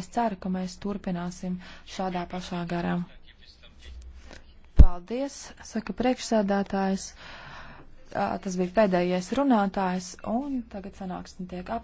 Es ceru, ka mēs turpināsim šādā pašā garā. Paldies, saka priekšsēdētājs. Tas bija pēdējais runātājs, un tagad sanāksme tiek ap.